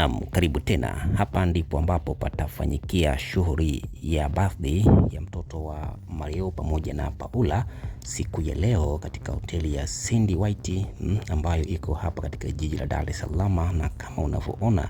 Naam, karibu tena. Hapa ndipo ambapo patafanyikia shughuli ya birthday ya mtoto wa Mario pamoja na Paula siku ya leo katika hoteli ya Cindy White mm, ambayo iko hapa katika jiji la Dar es Salaam, na kama unavyoona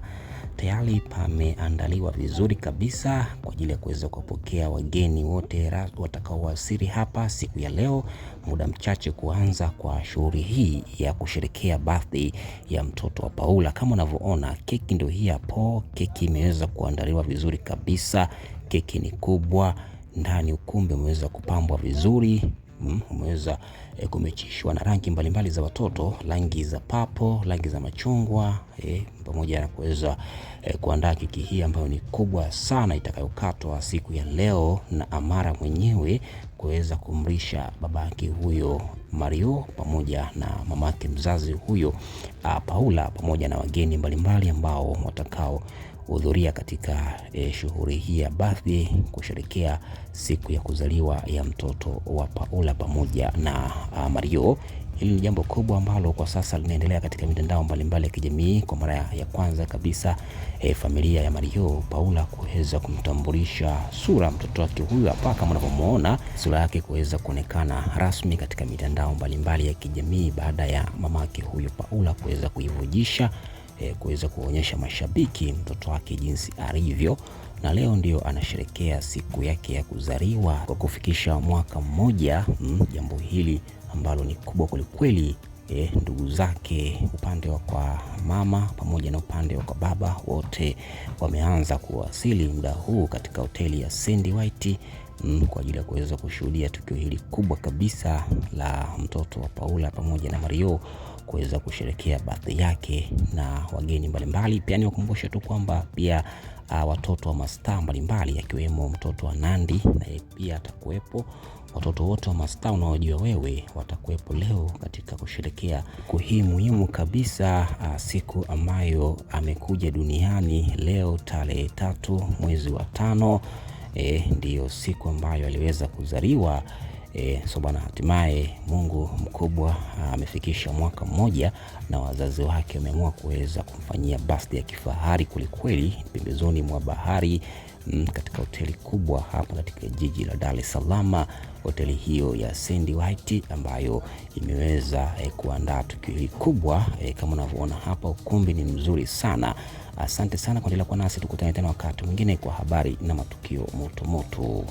tayari pameandaliwa vizuri kabisa kwa ajili ya kuweza kuwapokea wageni wote watakaowasili hapa siku ya leo, muda mchache kuanza kwa shughuli hii ya kusherekea birthday ya mtoto wa Paula. Kama unavyoona keki ndio hii hapo, keki imeweza kuandaliwa vizuri kabisa, keki ni kubwa, ndani ukumbi umeweza kupambwa vizuri. Mm, umeweza e, kumechishwa na rangi mbalimbali za watoto, rangi za papo, rangi za machungwa e, pamoja na kuweza e, kuandaa keki hii ambayo ni kubwa sana itakayokatwa siku ya leo na Amara mwenyewe kuweza kumlisha babake huyo Mario pamoja na mamake mzazi huyo uh, Paula pamoja na wageni mbalimbali ambao watakao hudhuria katika eh, shughuli hii ya birthday kusherekea siku ya kuzaliwa ya mtoto wa Paula pamoja na uh, Mario. Hili ni jambo kubwa ambalo kwa sasa linaendelea katika mitandao mbalimbali ya kijamii. Kwa mara ya kwanza kabisa e, familia ya Mario Paula kuweza kumtambulisha sura mtoto wake huyu hapa, kama unavyomuona sura yake kuweza kuonekana rasmi katika mitandao mbalimbali ya kijamii baada ya mama yake huyu Paula kuweza kuivujisha e, kuweza kuonyesha mashabiki mtoto wake jinsi alivyo na leo ndio anasherekea siku yake ya kuzaliwa kwa kufikisha mwaka mmoja. Mm, jambo hili ambalo ni kubwa kwelikweli. E, eh, ndugu zake upande wa kwa mama pamoja na upande wa kwa baba wote wameanza kuwasili muda huu katika hoteli ya Sandy White mm, kwa ajili ya kuweza kushuhudia tukio hili kubwa kabisa la mtoto wa Paula pamoja na Mario kuweza kusherekea birthday yake na wageni mbalimbali. Pia niwakumbushe tu kwamba pia uh, watoto wa mastaa mbalimbali akiwemo mtoto wa Nandi naye pia atakuwepo. Watoto wote wa mastaa unaojua wewe watakuwepo leo katika kusherekea siku hii muhimu kabisa, uh, siku ambayo amekuja duniani leo tarehe tatu mwezi wa tano. E, ndiyo siku ambayo aliweza kuzaliwa E, so bwana, hatimaye Mungu mkubwa ah, amefikisha mwaka mmoja na wazazi wake wameamua kuweza kumfanyia birthday ya kifahari kwelikweli, pembezoni mwa bahari m, mm, katika hoteli kubwa hapa katika jiji la Dar es Salaam, hoteli hiyo ya Sandy White ambayo imeweza e, kuandaa tukio hili kubwa e, kama unavyoona hapa, ukumbi ni mzuri sana. Asante sana kuendelea kuwa nasi, tukutane tena wakati mwingine kwa habari na matukio motomoto.